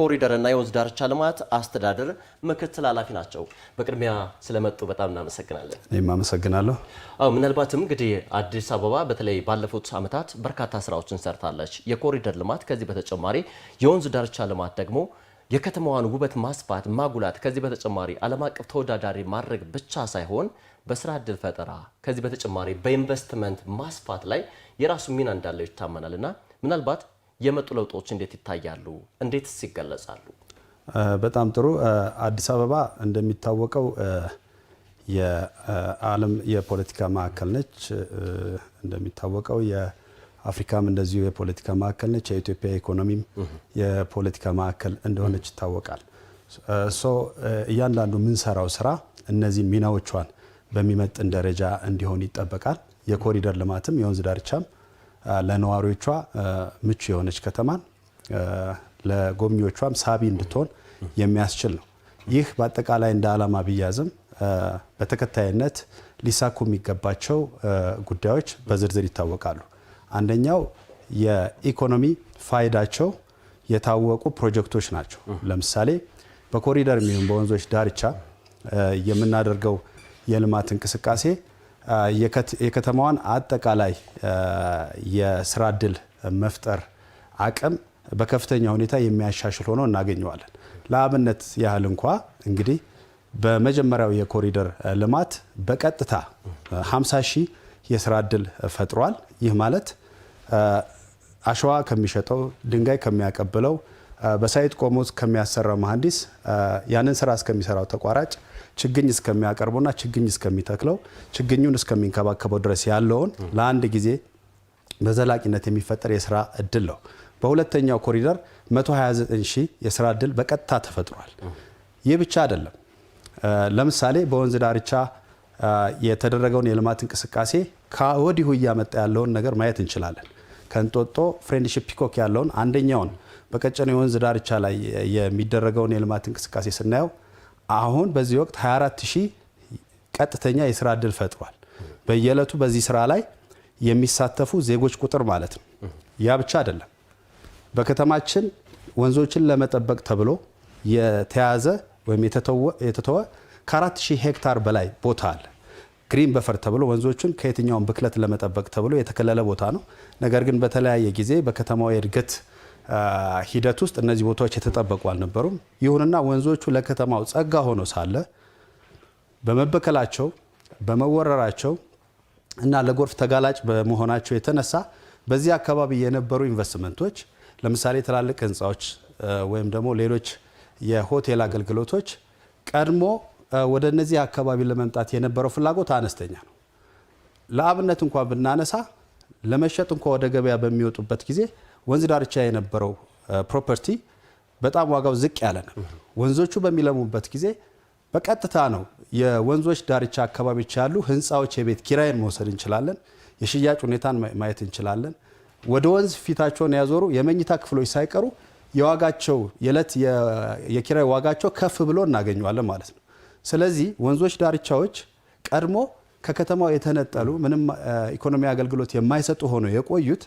የኮሪደርና የወንዝ ዳርቻ ልማት አስተዳደር ምክትል ኃላፊ ናቸው። በቅድሚያ ስለመጡ በጣም እናመሰግናለን። እኔም አመሰግናለሁ። ምናልባትም እንግዲህ አዲስ አበባ በተለይ ባለፉት ዓመታት በርካታ ስራዎችን ሰርታለች። የኮሪደር ልማት ከዚህ በተጨማሪ የወንዝ ዳርቻ ልማት ደግሞ የከተማዋን ውበት ማስፋት ማጉላት፣ ከዚህ በተጨማሪ ዓለም አቀፍ ተወዳዳሪ ማድረግ ብቻ ሳይሆን በስራ እድል ፈጠራ፣ ከዚህ በተጨማሪ በኢንቨስትመንት ማስፋት ላይ የራሱ ሚና እንዳለው ይታመናል እና ምናልባት የመጡ ለውጦች እንዴት ይታያሉ? እንዴትስ ይገለጻሉ? በጣም ጥሩ። አዲስ አበባ እንደሚታወቀው የዓለም የፖለቲካ ማዕከል ነች። እንደሚታወቀው የአፍሪካም እንደዚሁ የፖለቲካ ማዕከል ነች። የኢትዮጵያ ኢኮኖሚም የፖለቲካ ማዕከል እንደሆነች ይታወቃል። ሶ እያንዳንዱ የምንሰራው ስራ እነዚህ ሚናዎቿን በሚመጥን ደረጃ እንዲሆን ይጠበቃል። የኮሪደር ልማትም የወንዝ ዳርቻም ለነዋሪዎቿ ምቹ የሆነች ከተማን ለጎብኚዎቿም ሳቢ እንድትሆን የሚያስችል ነው። ይህ በአጠቃላይ እንደ ዓላማ ብያዝም በተከታይነት ሊሳኩ የሚገባቸው ጉዳዮች በዝርዝር ይታወቃሉ። አንደኛው የኢኮኖሚ ፋይዳቸው የታወቁ ፕሮጀክቶች ናቸው። ለምሳሌ በኮሪደር የሚሆን በወንዞች ዳርቻ የምናደርገው የልማት እንቅስቃሴ የከተማዋን አጠቃላይ የስራ እድል መፍጠር አቅም በከፍተኛ ሁኔታ የሚያሻሽል ሆኖ እናገኘዋለን። ለአብነት ያህል እንኳ እንግዲህ በመጀመሪያው የኮሪደር ልማት በቀጥታ 50 ሺህ የስራ እድል ፈጥሯል። ይህ ማለት አሸዋ ከሚሸጠው ድንጋይ ከሚያቀብለው በሳይት ቆሞ ከሚያሰራው መሀንዲስ ያንን ስራ እስከሚሰራው ተቋራጭ ችግኝ እስከሚያቀርቡና ችግኝ እስከሚተክለው ችግኙን እስከሚንከባከበው ድረስ ያለውን ለአንድ ጊዜ በዘላቂነት የሚፈጠር የስራ እድል ነው። በሁለተኛው ኮሪደር 129 ሺህ የስራ እድል በቀጥታ ተፈጥሯል። ይህ ብቻ አይደለም። ለምሳሌ በወንዝ ዳርቻ የተደረገውን የልማት እንቅስቃሴ ከወዲሁ እያመጣ ያለውን ነገር ማየት እንችላለን። ከእንጦጦ ፍሬንድሽፕ ፒኮክ ያለውን አንደኛውን በቀጨኔ የወንዝ ዳርቻ ላይ የሚደረገውን የልማት እንቅስቃሴ ስናየው አሁን በዚህ ወቅት 24 ሺህ ቀጥተኛ የስራ እድል ፈጥሯል። በየዕለቱ በዚህ ስራ ላይ የሚሳተፉ ዜጎች ቁጥር ማለት ነው። ያ ብቻ አይደለም። በከተማችን ወንዞችን ለመጠበቅ ተብሎ የተያዘ ወይም የተተወ ከ 4000 ሄክታር በላይ ቦታ አለ። ግሪን በፈር ተብሎ ወንዞቹን ከየትኛውም ብክለት ለመጠበቅ ተብሎ የተከለለ ቦታ ነው። ነገር ግን በተለያየ ጊዜ በከተማው የእድገት ሂደት ውስጥ እነዚህ ቦታዎች የተጠበቁ አልነበሩም። ይሁንና ወንዞቹ ለከተማው ጸጋ ሆኖ ሳለ በመበከላቸው በመወረራቸው እና ለጎርፍ ተጋላጭ በመሆናቸው የተነሳ በዚህ አካባቢ የነበሩ ኢንቨስትመንቶች ለምሳሌ ትላልቅ ህንፃዎች ወይም ደግሞ ሌሎች የሆቴል አገልግሎቶች ቀድሞ ወደ እነዚህ አካባቢ ለመምጣት የነበረው ፍላጎት አነስተኛ ነው። ለአብነት እንኳ ብናነሳ ለመሸጥ እንኳ ወደ ገበያ በሚወጡበት ጊዜ ወንዝ ዳርቻ የነበረው ፕሮፐርቲ በጣም ዋጋው ዝቅ ያለ ነው። ወንዞቹ በሚለሙበት ጊዜ በቀጥታ ነው የወንዞች ዳርቻ አካባቢዎች ያሉ ህንፃዎች የቤት ኪራይን መውሰድ እንችላለን። የሽያጭ ሁኔታን ማየት እንችላለን። ወደ ወንዝ ፊታቸውን ያዞሩ የመኝታ ክፍሎች ሳይቀሩ የዋጋቸው የዕለት የኪራይ ዋጋቸው ከፍ ብሎ እናገኘዋለን ማለት ነው። ስለዚህ ወንዞች ዳርቻዎች ቀድሞ ከከተማው የተነጠሉ ምንም ኢኮኖሚ አገልግሎት የማይሰጡ ሆነው የቆዩት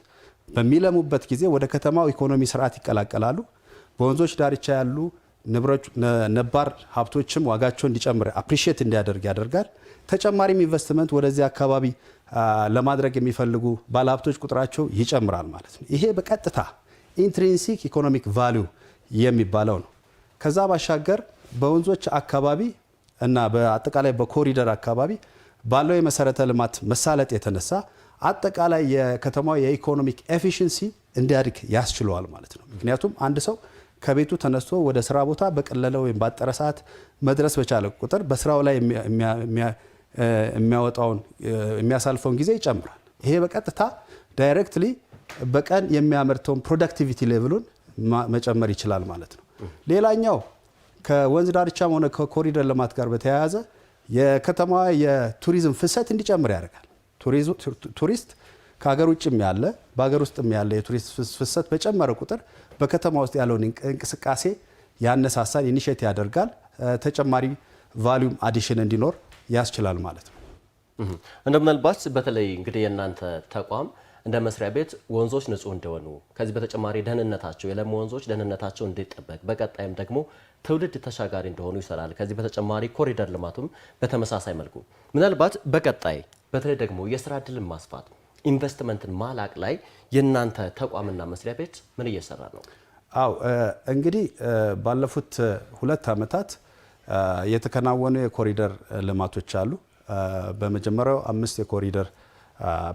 በሚለሙበት ጊዜ ወደ ከተማው ኢኮኖሚ ስርዓት ይቀላቀላሉ። በወንዞች ዳርቻ ያሉ ነባር ሀብቶችም ዋጋቸው እንዲጨምር አፕሪሺየት እንዲያደርግ ያደርጋል። ተጨማሪም ኢንቨስትመንት ወደዚህ አካባቢ ለማድረግ የሚፈልጉ ባለሀብቶች ቁጥራቸው ይጨምራል ማለት ነው። ይሄ በቀጥታ ኢንትሪንሲክ ኢኮኖሚክ ቫሊዩ የሚባለው ነው። ከዛ ባሻገር በወንዞች አካባቢ እና በአጠቃላይ በኮሪደር አካባቢ ባለው የመሰረተ ልማት መሳለጥ የተነሳ አጠቃላይ የከተማው የኢኮኖሚክ ኤፊሽንሲ እንዲያድግ ያስችለዋል ማለት ነው። ምክንያቱም አንድ ሰው ከቤቱ ተነስቶ ወደ ስራ ቦታ በቀለለ ወይም ባጠረ ሰዓት መድረስ በቻለ ቁጥር በስራው ላይ የሚያወጣውን የሚያሳልፈውን ጊዜ ይጨምራል። ይሄ በቀጥታ ዳይሬክትሊ በቀን የሚያመርተውን ፕሮዳክቲቪቲ ሌቭሉን መጨመር ይችላል ማለት ነው። ሌላኛው ከወንዝ ዳርቻም ሆነ ከኮሪደር ልማት ጋር በተያያዘ የከተማዋ የቱሪዝም ፍሰት እንዲጨምር ያደርጋል። ቱሪስት ከሀገር ውጭም ያለ በሀገር ውስጥም ያለ የቱሪስት ፍሰት በጨመረ ቁጥር በከተማ ውስጥ ያለውን እንቅስቃሴ ያነሳሳል፣ ኢኒሼት ያደርጋል። ተጨማሪ ቫሊዩም አዲሽን እንዲኖር ያስችላል ማለት ነው። እንደ ምናልባት በተለይ እንግዲህ የእናንተ ተቋም እንደ መስሪያ ቤት ወንዞች ንጹህ እንደሆኑ ከዚህ በተጨማሪ ደህንነታቸው የለም ወንዞች ደህንነታቸው እንዲጠበቅ በቀጣይም ደግሞ ትውልድ ተሻጋሪ እንደሆኑ ይሰራል። ከዚህ በተጨማሪ ኮሪደር ልማቱም በተመሳሳይ መልኩ ምናልባት በቀጣይ በተለይ ደግሞ የስራ እድልን ማስፋት ኢንቨስትመንትን ማላቅ ላይ የእናንተ ተቋምና መስሪያ ቤት ምን እየሰራ ነው? አው እንግዲህ ባለፉት ሁለት ዓመታት የተከናወኑ የኮሪደር ልማቶች አሉ። በመጀመሪያው አምስት የኮሪደር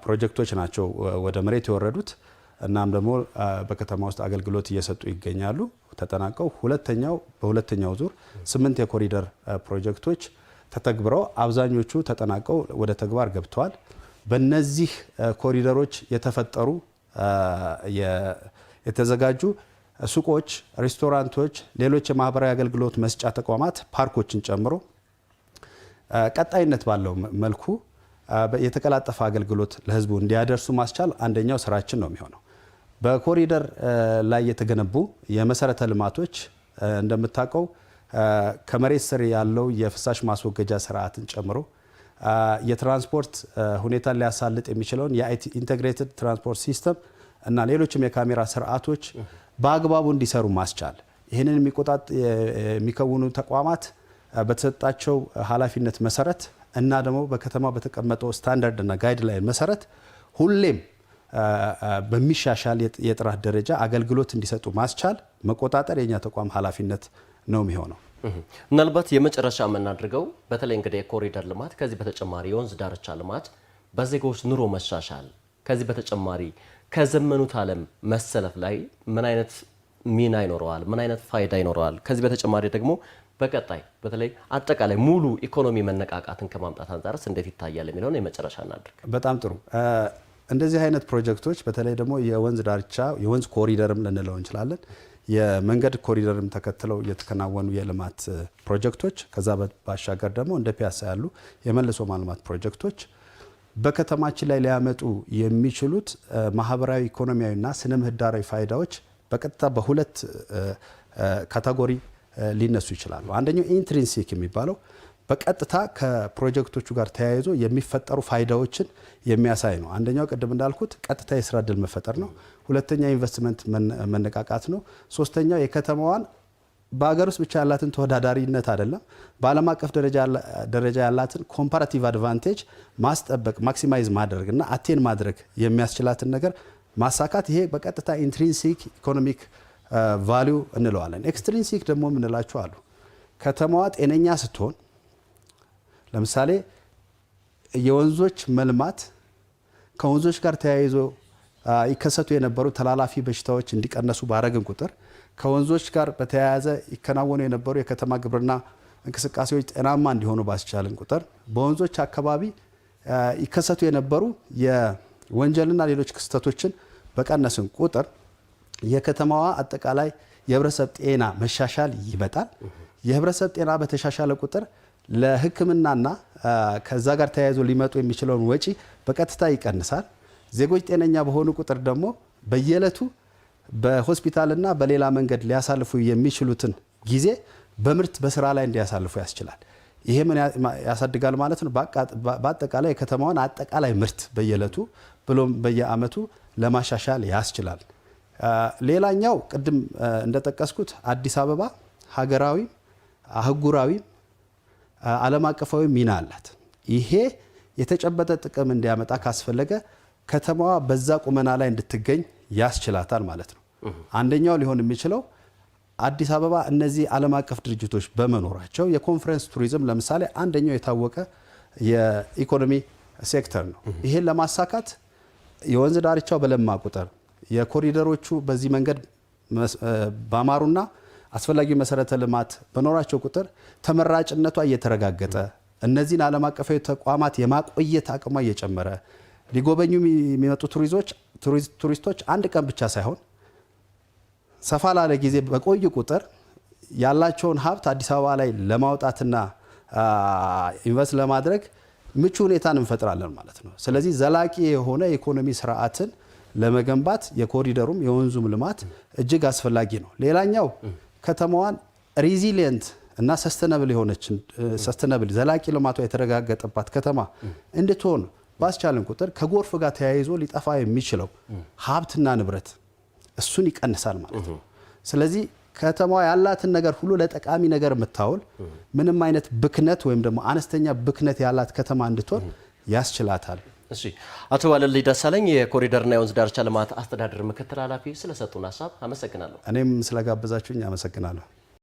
ፕሮጀክቶች ናቸው ወደ መሬት የወረዱት እናም ደግሞ በከተማ ውስጥ አገልግሎት እየሰጡ ይገኛሉ ተጠናቀው። ሁለተኛው በሁለተኛው ዙር ስምንት የኮሪደር ፕሮጀክቶች ተተግብረው አብዛኞቹ ተጠናቀው ወደ ተግባር ገብተዋል። በነዚህ ኮሪደሮች የተፈጠሩ የተዘጋጁ ሱቆች፣ ሬስቶራንቶች፣ ሌሎች የማህበራዊ አገልግሎት መስጫ ተቋማት ፓርኮችን ጨምሮ ቀጣይነት ባለው መልኩ የተቀላጠፈ አገልግሎት ለህዝቡ እንዲያደርሱ ማስቻል አንደኛው ስራችን ነው የሚሆነው። በኮሪደር ላይ የተገነቡ የመሰረተ ልማቶች እንደምታውቀው ከመሬት ስር ያለው የፍሳሽ ማስወገጃ ስርዓትን ጨምሮ የትራንስፖርት ሁኔታን ሊያሳልጥ የሚችለውን የኢንቴግሬትድ ትራንስፖርት ሲስተም እና ሌሎችም የካሜራ ስርዓቶች በአግባቡ እንዲሰሩ ማስቻል ይህንን የሚቆጣጥ የሚከውኑ ተቋማት በተሰጣቸው ኃላፊነት መሰረት እና ደግሞ በከተማ በተቀመጠው ስታንዳርድ እና ጋይድላይን መሰረት ሁሌም በሚሻሻል የጥራት ደረጃ አገልግሎት እንዲሰጡ ማስቻል መቆጣጠር የኛ ተቋም ኃላፊነት ነው የሚሆነው። ምናልባት የመጨረሻ የምናድርገው በተለይ እንግዲህ የኮሪደር ልማት ከዚህ በተጨማሪ የወንዝ ዳርቻ ልማት በዜጎች ኑሮ መሻሻል ከዚህ በተጨማሪ ከዘመኑት ዓለም መሰለፍ ላይ ምን አይነት ሚና ይኖረዋል? ምን አይነት ፋይዳ ይኖረዋል? ከዚህ በተጨማሪ ደግሞ በቀጣይ በተለይ አጠቃላይ ሙሉ ኢኮኖሚ መነቃቃትን ከማምጣት አንጻርስ እንዴት ይታያል የሚለውን የመጨረሻ እናድርግ። በጣም ጥሩ። እንደዚህ አይነት ፕሮጀክቶች በተለይ ደግሞ የወንዝ ዳርቻ የወንዝ ኮሪደርም ልንለው እንችላለን የመንገድ ኮሪደርም ተከትለው የተከናወኑ የልማት ፕሮጀክቶች ከዛ ባሻገር ደግሞ እንደ ፒያሳ ያሉ የመልሶ ማልማት ፕሮጀክቶች በከተማችን ላይ ሊያመጡ የሚችሉት ማህበራዊ፣ ኢኮኖሚያዊና ስነ ምህዳራዊ ፋይዳዎች በቀጥታ በሁለት ካታጎሪ ሊነሱ ይችላሉ። አንደኛው ኢንትሪንሲክ የሚባለው በቀጥታ ከፕሮጀክቶቹ ጋር ተያይዞ የሚፈጠሩ ፋይዳዎችን የሚያሳይ ነው። አንደኛው ቅድም እንዳልኩት ቀጥታ የስራ እድል መፈጠር ነው። ሁለተኛ ኢንቨስትመንት መነቃቃት ነው። ሶስተኛው የከተማዋን በሀገር ውስጥ ብቻ ያላትን ተወዳዳሪነት አይደለም፣ በዓለም አቀፍ ደረጃ ያላትን ኮምፓራቲቭ አድቫንቴጅ ማስጠበቅ ማክሲማይዝ ማድረግ እና አቴን ማድረግ የሚያስችላትን ነገር ማሳካት። ይሄ በቀጥታ ኢንትሪንሲክ ኢኮኖሚክ ቫሊዩ እንለዋለን። ኤክስትሪንሲክ ደግሞ የምንላቸው አሉ። ከተማዋ ጤነኛ ስትሆን ለምሳሌ የወንዞች መልማት ከወንዞች ጋር ተያይዞ ይከሰቱ የነበሩ ተላላፊ በሽታዎች እንዲቀነሱ ባረግን ቁጥር ከወንዞች ጋር በተያያዘ ይከናወኑ የነበሩ የከተማ ግብርና እንቅስቃሴዎች ጤናማ እንዲሆኑ ባስቻልን ቁጥር በወንዞች አካባቢ ይከሰቱ የነበሩ የወንጀልና ሌሎች ክስተቶችን በቀነስን ቁጥር የከተማዋ አጠቃላይ የህብረተሰብ ጤና መሻሻል ይመጣል። የህብረተሰብ ጤና በተሻሻለ ቁጥር ለሕክምናና ከዛ ጋር ተያይዞ ሊመጡ የሚችለውን ወጪ በቀጥታ ይቀንሳል። ዜጎች ጤነኛ በሆኑ ቁጥር ደግሞ በየዕለቱ በሆስፒታልና በሌላ መንገድ ሊያሳልፉ የሚችሉትን ጊዜ በምርት በስራ ላይ እንዲያሳልፉ ያስችላል። ይሄ ምን ያሳድጋል ማለት ነው? በአጠቃላይ የከተማዋን አጠቃላይ ምርት በየዕለቱ ብሎም በየዓመቱ ለማሻሻል ያስችላል። ሌላኛው ቅድም እንደጠቀስኩት አዲስ አበባ ሀገራዊም አህጉራዊም ዓለም አቀፋዊ ሚና አላት። ይሄ የተጨበጠ ጥቅም እንዲያመጣ ካስፈለገ ከተማዋ በዛ ቁመና ላይ እንድትገኝ ያስችላታል ማለት ነው። አንደኛው ሊሆን የሚችለው አዲስ አበባ እነዚህ ዓለም አቀፍ ድርጅቶች በመኖራቸው የኮንፈረንስ ቱሪዝም ለምሳሌ አንደኛው የታወቀ የኢኮኖሚ ሴክተር ነው። ይሄን ለማሳካት የወንዝ ዳርቻው በለማ ቁጥር የኮሪደሮቹ በዚህ መንገድ ባማሩና አስፈላጊ መሰረተ ልማት በኖራቸው ቁጥር ተመራጭነቷ እየተረጋገጠ እነዚህን ዓለም አቀፋዊ ተቋማት የማቆየት አቅሟ እየጨመረ ሊጎበኙ የሚመጡ ቱሪስቶች አንድ ቀን ብቻ ሳይሆን ሰፋ ላለ ጊዜ በቆዩ ቁጥር ያላቸውን ሀብት አዲስ አበባ ላይ ለማውጣትና ኢንቨስት ለማድረግ ምቹ ሁኔታን እንፈጥራለን ማለት ነው። ስለዚህ ዘላቂ የሆነ የኢኮኖሚ ስርዓትን ለመገንባት የኮሪደሩም የወንዙም ልማት እጅግ አስፈላጊ ነው። ሌላኛው ከተማዋን ሪዚሊየንት እና ሰስተነብል የሆነች ሰስተነብል ዘላቂ ልማቷ የተረጋገጠባት ከተማ እንድትሆን ባስቻለን ቁጥር ከጎርፍ ጋር ተያይዞ ሊጠፋ የሚችለው ሀብትና ንብረት እሱን ይቀንሳል ማለት ነው። ስለዚህ ከተማ ያላትን ነገር ሁሉ ለጠቃሚ ነገር የምታውል ምንም አይነት ብክነት ወይም ደግሞ አነስተኛ ብክነት ያላት ከተማ እንድትሆን ያስችላታል። እሺ አቶ ዋለልኝ ደሳለኝ የኮሪደርና የወንዝ ዳርቻ ልማት አስተዳደር ምክትል ኃላፊ ስለሰጡን ሀሳብ አመሰግናለሁ። እኔም ስለጋበዛችሁኝ አመሰግናለሁ።